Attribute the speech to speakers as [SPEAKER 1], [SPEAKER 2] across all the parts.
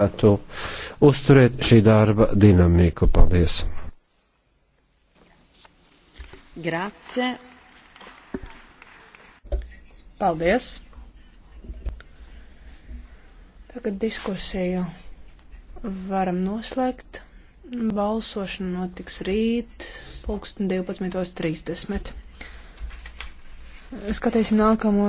[SPEAKER 1] varētu uzturēt šī darba dinamiku. Paldies! Grazie!
[SPEAKER 2] Paldies! Tagad diskusiju varam noslēgt. Balsošana notiks rīt, pulksten 12.30. Skatīsim nākamo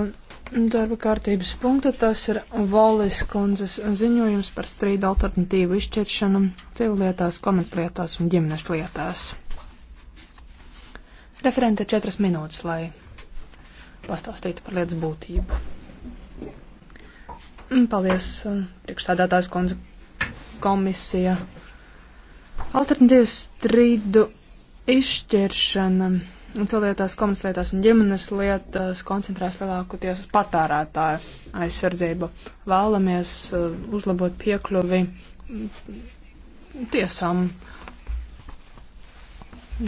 [SPEAKER 2] darba kārtības punktu. Tas ir Valis kundzes ziņojums par strīdu alternatīvu izšķiršanu civillietās, komerclietās un ģimenes lietās. Referente četras minūtes, lai pastāstītu par lietas būtību. Paldies, um, priekšsādātājs kundze komisija. Alternatīvas strīdu izšķiršana Cilvēlietās, komerclietās un ģimenes lietās koncentrēs lielākoties uz patērētāju aizsardzību. Vēlamies uh, uzlabot piekļuvi tiesām.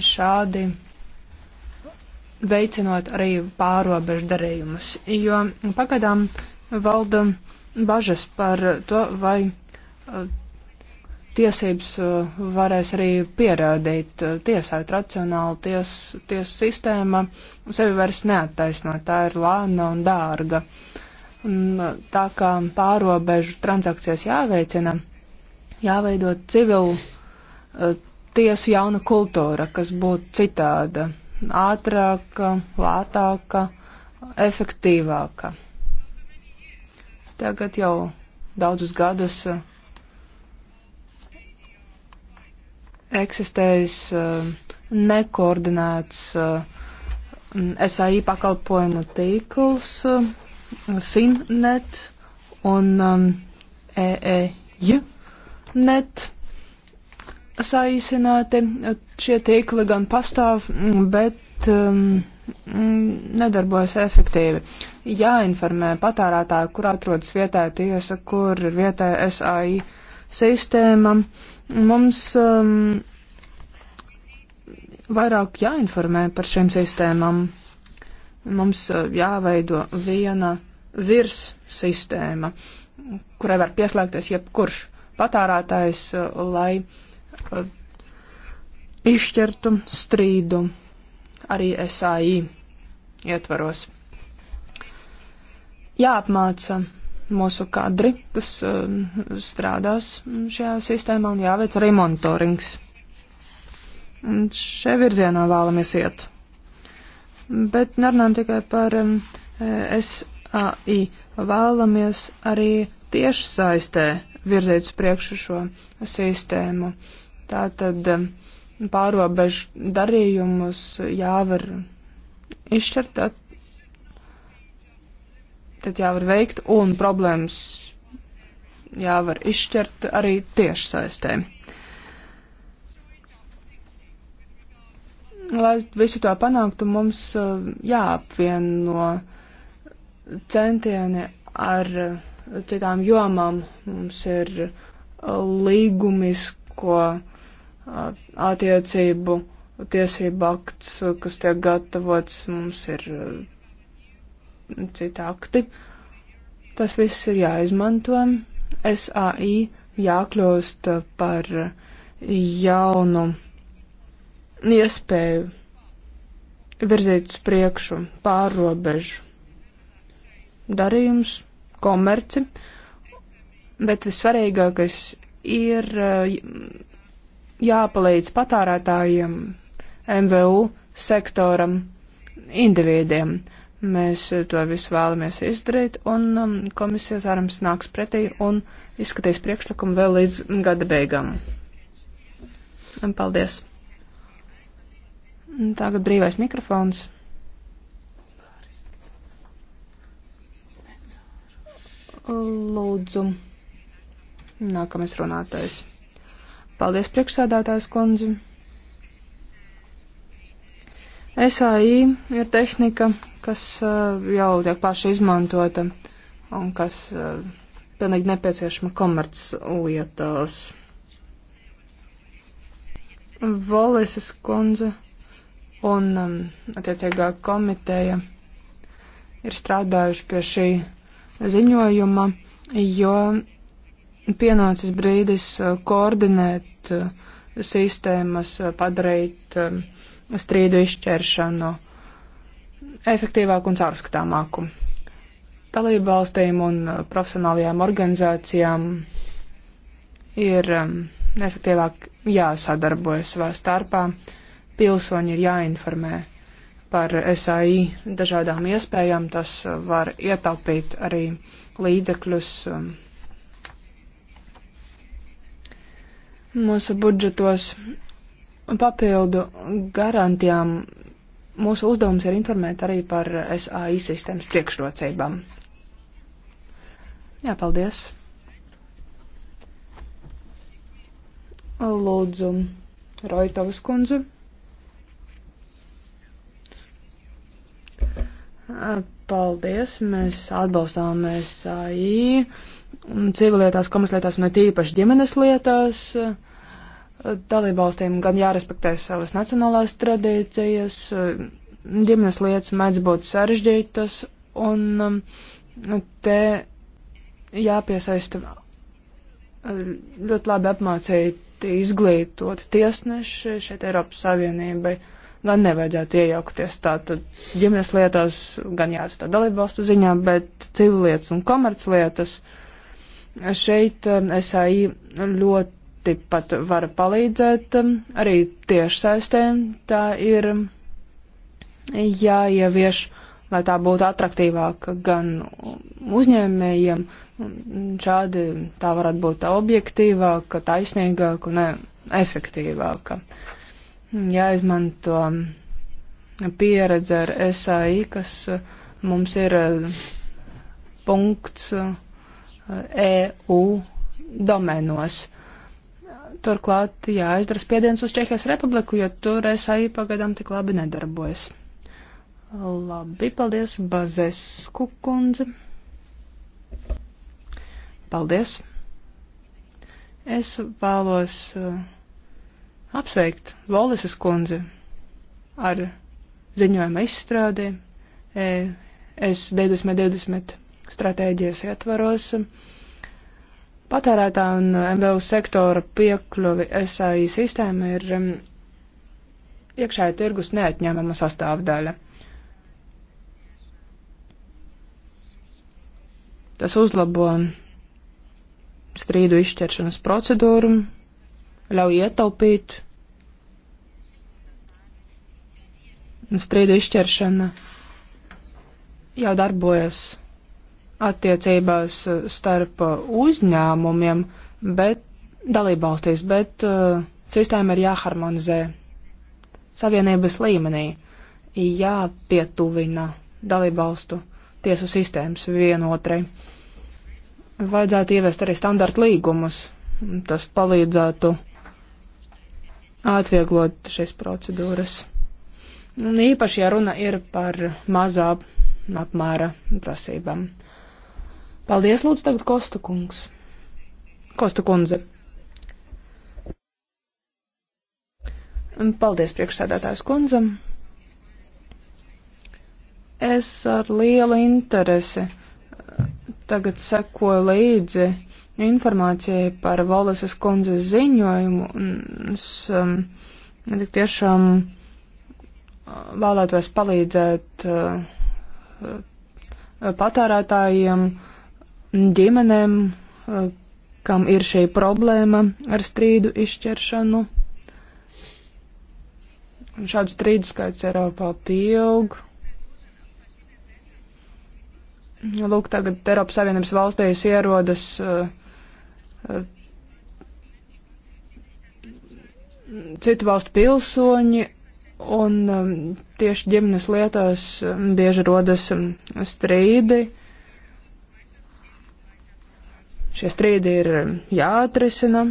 [SPEAKER 2] Šādi veicinot arī pārobežu darījumus, jo pagaidām valda bažas par to, vai uh, tiesības eh, varēs arī pierādīt eh, tiesā, racionāli ties, tiesu sistēma sevi vairs neattaisno, tā ir lāna un dārga. Un, eh, tā kā pārobežu transakcijas jāveicina, jāveido civilu tiesu jauna kultūra, kas būtu citāda, ātrāka, lētāka, efektīvāka. Tagad jau daudzus gadus uh, eksistējis eh, nekoordinēts eh, SAI pakalpojumu tīkls, eh, Finnet un EEJ e net saīsināti. Šie tīkli gan pastāv, bet um, nedarbojas efektīvi. Jāinformē patērētāju, kur atrodas vietēja tiesa, kur ir vietēja SAI sistēma. Mums um, vairāk jāinformē par šīm sistēmām. Mums uh, jāveido viena virs sistēma, kurai var pieslēgties jebkurš patārātājs, uh, lai uh, izšķirtu strīdu arī SAI ietvaros. Jāapmāca mūsu kadri, kas strādās šajā sistēmā, un jāveic arī monitorings. Šai virzienā vēlamies iet. Bet nerunājam tikai par um, eh, SAI. Vēlamies arī tieši saistē virzīt uz priekšu šo sistēmu. Tātad um, pārobežu darījumus jāvar izšķirt, tad, tad jāvar veikt un problēmas jāvar izšķirt arī tieši saistēm. Lai visu to panāktu, mums eh, jāapvieno centieni ar eh, citām jomām. Mums ir eh, līgumisko attiecību tiesību akts, kas tiek gatavots, mums ir citi akti. Tas viss ir jāizmanto. SAI jākļūst par jaunu iespēju virzīt uz priekšu pārrobežu darījums, komerci, bet vissvarīgākais ir eh, jāpalīdz patārētājiem, MVU sektoram, individiem. Mēs eh, to visu vēlamies izdarīt, un um, komisija cerams nāks pretī un izskatīs priekšlikumu vēl līdz gada beigām. Paldies! Tagad brīvais mikrofons. Lūdzu, nākamais runātais. Paldies, priekšsādātājs kundzi. SAI ir tehnika, kas uh, jau tiek plaši izmantota un kas uh, pilnīgi nepieciešama komerc lietās. Volises kundze un um, attiecīgā komiteja ir strādājuši pie šī ziņojuma, jo pienācis brīdis uh, koordinēt uh, sistēmas, uh, padarīt um, strīdu izšķiršanu efektīvāku un caurskatāmāku. Dalību valstīm un profesionālajām organizācijām ir um, efektīvāk jāsadarbojas savā starpā. Uh, Pilsoņi ir jāinformē par SAI dažādām iespējām. Tas var ietaupīt arī līdzekļus. Um, mūsu budžetos papildu garantijām mūsu uzdevums ir informēt arī par SAI sistēmas priekšrocībām. Jā, paldies. Lūdzu, Roitovas kundze. Paldies, mēs atbalstām SAI civilietās, komaslietās un tīpaši ģimenes lietās. Dalībvalstīm gan jārespektē savas nacionālās tradīcijas, ģimenes lietas mēdz būt sarežģītas un um, te jāpiesaista uh, ļoti labi apmācīti, izglītoti tiesneši šeit Eiropas Savienībai. Uh, gan nevajadzētu iejaukties tātad ģimenes lietās, gan jāatstāj dalībvalstu ziņā, bet civilietas un komerclietas šeit um, SAI ļoti pat var palīdzēt, um, arī tiešsaistē tā ir jāievieš, lai tā būtu atraktīvāka gan uzņēmējiem, šādi tā varētu būt objektīvāka, taisnīgāka un efektīvāka. Uh, jāizmanto pieredze ar SAI, kas uh, mums ir uh, punkts uh, EU domēnos. Turklāt jāizdara spiediens uz Čehijas republiku, jo tur SAI pagaidām tik labi nedarbojas. Labi, paldies, Bazesku kundze. Paldies. Es vēlos. Uh, apsveikt Volises kundzi ar ziņojuma izstrādi e, es 2020 stratēģijas ietvaros. Patērētā un MBU sektora piekļuvi SAI sistēma ir um, iekšēja tirgus neatņēmama sastāvdaļa. Tas uzlabo strīdu izšķiršanas procedūru, ļauj ietaupīt Nu, strīdu izšķiršana jau darbojas attiecībās eh, starp eh, uzņēmumiem, bet dalībvalstīs, bet uh, sistēma ir jāharmonizē savienības līmenī, jāpietuvina dalībvalstu tiesu sistēmas vienotrai. Vajadzētu ievest arī standarta līgumus, tas palīdzētu atvieglot šīs procedūras. Un īpaši, ja runa ir par mazā apmēra prasībām. Paldies, lūdzu, tagad Kosta kungs. Kosta kundze. Paldies priekšsēdētājs kundzam. Es ar lielu interesi eh, tagad sekoju līdzi informācijai par Valisas kundzes ziņojumu. Un es um, tiešām. Um, vēlētos palīdzēt uh, patērētājiem, ģimenēm, uh, kam ir šī problēma ar strīdu izšķiršanu. Šādu strīdu skaits Eiropā pieaug. Lūk, tagad Eiropas Savienības valstīs ierodas uh, citu valstu pilsoņi Un um, tieši ģimenes lietās um, bieži rodas um, strīdi. Šie strīdi ir um, jāatrisina.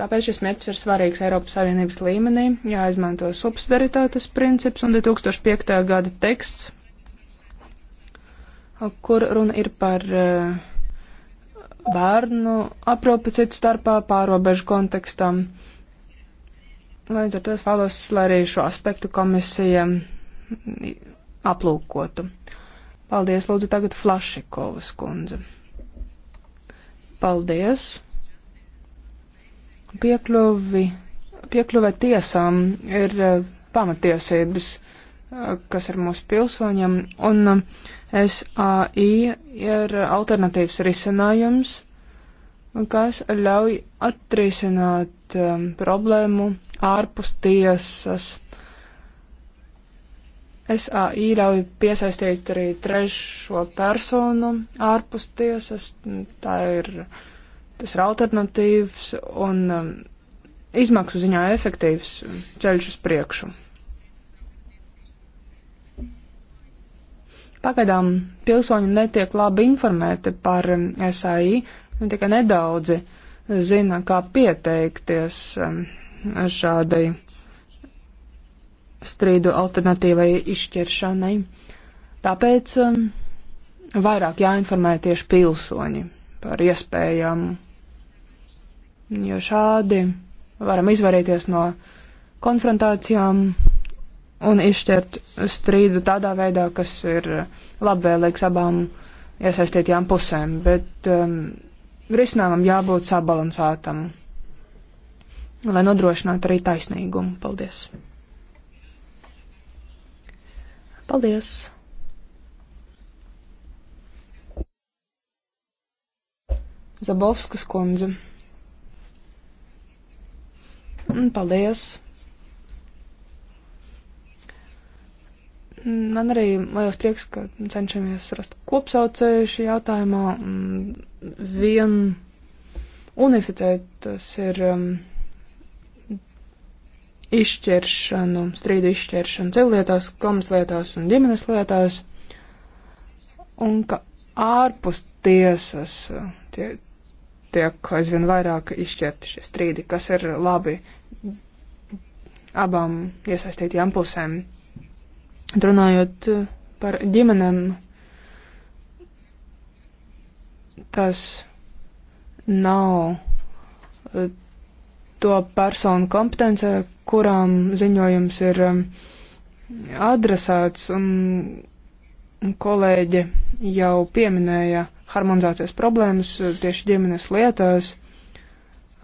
[SPEAKER 2] Tāpēc šis mērķis ir svarīgs Eiropas Savienības līmenī. Jāizmanto subsidaritātes princips un 2005. gada teksts, kur runa ir par uh, bērnu aprūpe citu starpā pārobežu kontekstam. Uh, Līdz ar to es vēlos, lai arī šo aspektu komisija aplūkotu. Paldies, lūdzu, tagad Flašikovas kundze. Paldies. Piekļuvi, piekļuvē tiesām ir eh, pamatiesības, eh, kas ir mūsu pilsoņiem, un eh, SAI ir alternatīvs risinājums, kas ļauj atrisināt um, problēmu ārpus tiesas. SAI ļauj piesaistīt arī trešo personu ārpus tiesas, tā ir, tas ir alternatīvs un um, izmaksu ziņā efektīvs ceļš uz priekšu. Pagaidām pilsoņi netiek labi informēti par um, SAI, viņi tikai nedaudzi zina, kā pieteikties. Um, šādai strīdu alternatīvai izšķiršanai. Tāpēc um, vairāk jāinformē tieši pilsoņi par iespējām, jo šādi varam izvairīties no konfrontācijām un izšķirt strīdu tādā veidā, kas ir labvēlīgs abām iesaistītajām pusēm, bet um, risinājumam jābūt sabalansētam lai nodrošinātu arī taisnīgumu. Paldies! Paldies! Zabovskas kundze. Paldies! Man arī liels prieks, ka cenšamies rast kopsaucēju šī jautājumā. Mm, vien unificēt tas ir. Um, izšķiršanu, strīdu izšķiršanu civilietās, komas lietās un ģimenes lietās, un ka ārpus tiesas uh, tie, tiek aizvien vairāk izšķirti šie strīdi, kas ir labi abām iesaistītajām pusēm. Runājot uh, par ģimenēm, tas nav uh, to personu kompetence, kurām ziņojums ir um, adresēts, un kolēģi jau pieminēja harmonizācijas problēmas uh, tieši ģimenes lietās.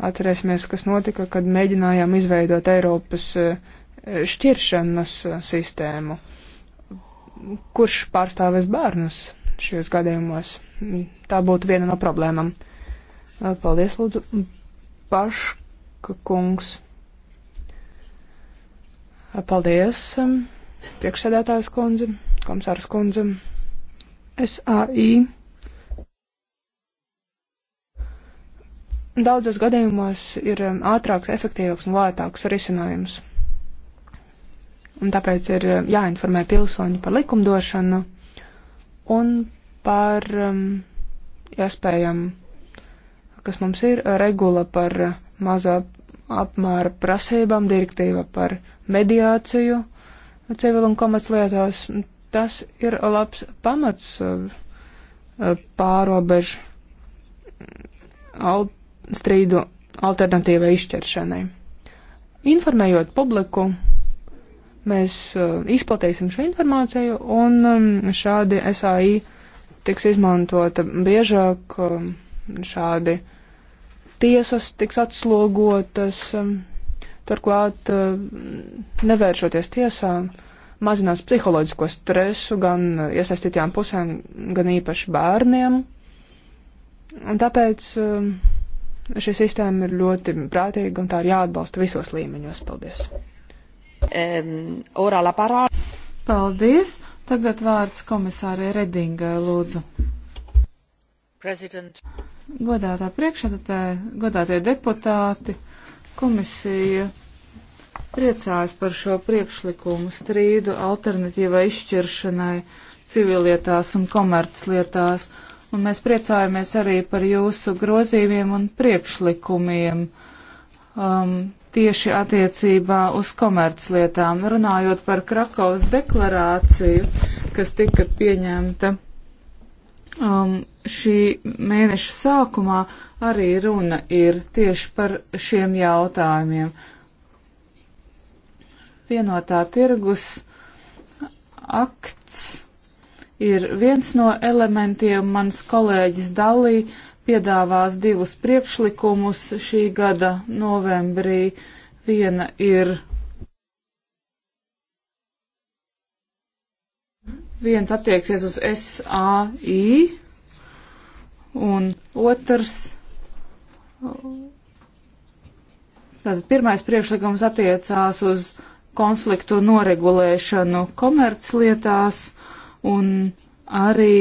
[SPEAKER 2] Atcerēsimies, kas notika, kad mēģinājām izveidot Eiropas uh, šķiršanas uh, sistēmu. Kurš pārstāvēs bērnus šajos gadījumos? Tā būtu viena no problēmām. Paldies, lūdzu. Pašs kungs. Paldies, um, priekšsēdētājs kundze, komisārs kundze. SAI. Daudzos gadījumos ir um, ātrāks, efektīvāks un lētāks risinājums. Un tāpēc ir um, jāinformē pilsoņi par likumdošanu un par um, iespējām, kas mums ir, regula par uh, mazā apmēra prasībām, direktīva par mediāciju civil un komerclietās. Tas ir labs pamats eh, pārobežu al strīdu alternatīvai izšķiršanai. Informējot publiku, mēs uh, izplatīsim šo informāciju, un um, šādi SAI tiks izmantota biežāk um, šādi uh, tiesas tiks atslogotas, um, turklāt um, nevēršoties tiesā, mazinās psiholoģisko stresu gan iesaistītajām pusēm, gan īpaši bērniem. Un tāpēc um, šī sistēma ir ļoti prātīga un tā ir jāatbalsta visos līmeņos. Paldies!
[SPEAKER 1] Paldies! Tagad vārds komisārai Redingai lūdzu. President. Godātā priekšsēdētāja, godātie deputāti, komisija priecājas par šo priekšlikumu strīdu alternatīvai izšķiršanai civilietās un komerclietās, un mēs priecājamies arī par jūsu grozījumiem un priekšlikumiem um, tieši attiecībā uz komerclietām. Runājot par Krakaus deklarāciju, kas tika pieņemta um, šī mēneša sākumā arī runa ir tieši par šiem jautājumiem. Vienotā tirgus akts ir viens no elementiem. Mans kolēģis Dalī piedāvās divus priekšlikumus šī gada novembrī. Viena ir Viens attieksies uz SAI un otrs. Tātad pirmais priekšlikums attiecās uz konfliktu noregulēšanu komerclietās un arī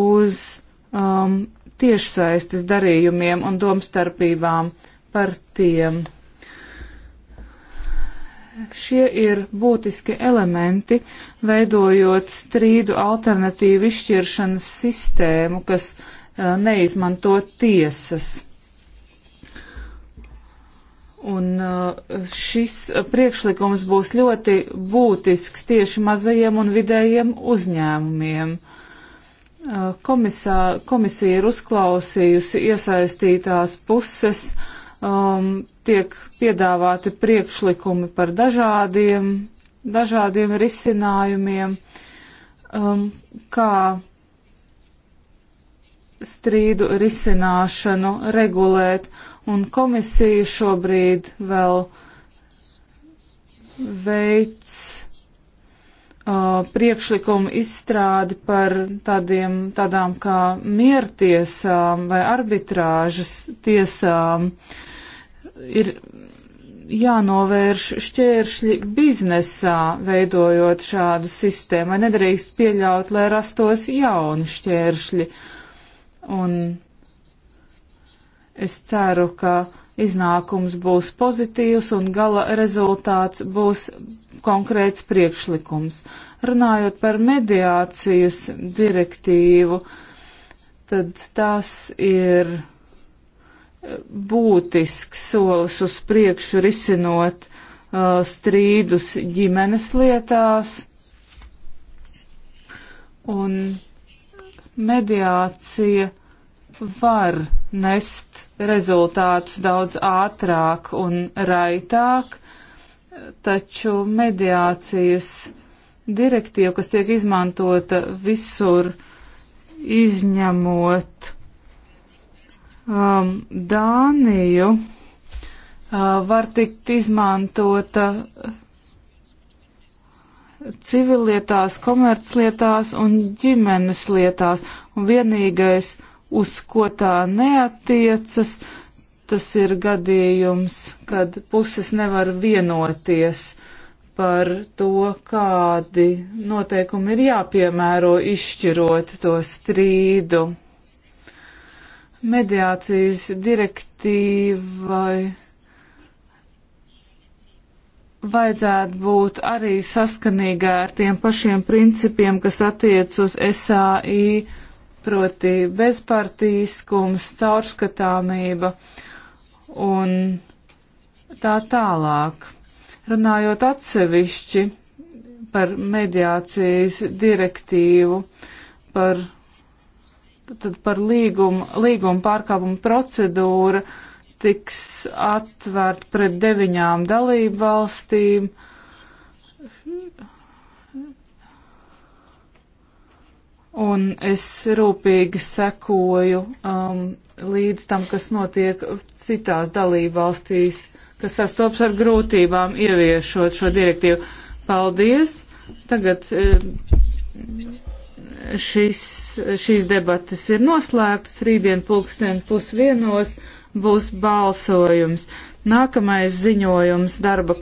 [SPEAKER 1] uz um, tiešsaistes darījumiem un domstarpībām par tiem. Šie ir būtiski elementi, veidojot strīdu alternatīvu izšķiršanas sistēmu, kas e, neizmanto tiesas. Un e, šis priekšlikums būs ļoti būtisks tieši mazajiem un vidējiem uzņēmumiem. E, komisā, komisija ir uzklausījusi iesaistītās puses um, tiek piedāvāti priekšlikumi par dažādiem, dažādiem risinājumiem, um, kā strīdu risināšanu regulēt, un komisija šobrīd vēl veids uh, priekšlikumu izstrādi par tādiem, tādām kā miertiesām vai arbitrāžas tiesām, uh, ir jānovērš šķēršļi biznesā, veidojot šādu sistēmu, vai nedrīkst pieļaut, lai rastos jauni šķēršļi. Un es ceru, ka iznākums būs pozitīvs un gala rezultāts būs konkrēts priekšlikums. Runājot par mediācijas direktīvu, tad tas ir būtisks solis uz priekšu risinot uh, strīdus ģimenes lietās. Un mediācija var nest rezultātus daudz ātrāk un raitāk, taču mediācijas direktīva, kas tiek izmantota visur, izņemot um, Dāniju uh, var tikt izmantota civilietās, komerclietās un ģimenes lietās, un vienīgais, uz ko tā neatiecas, tas ir gadījums, kad puses nevar vienoties par to, kādi noteikumi ir jāpiemēro izšķirot to strīdu mediācijas direktīvai vajadzētu būt arī saskanīgā ar tiem pašiem principiem, kas attiec uz SAI, proti bezpartīskums, caurskatāmība un tā tālāk. Runājot atsevišķi par mediācijas direktīvu, par tad par līgumu, līgumu pārkāpumu procedūra tiks atvērt pret deviņām dalību valstīm. Un es rūpīgi sekoju um, līdz tam, kas notiek citās dalību valstīs, kas sastops ar grūtībām ieviešot šo direktīvu. Paldies! Tagad. Um, šis, šīs debatas ir noslēgtas. Rītdien pulksten pusvienos būs balsojums. Nākamais ziņojums darba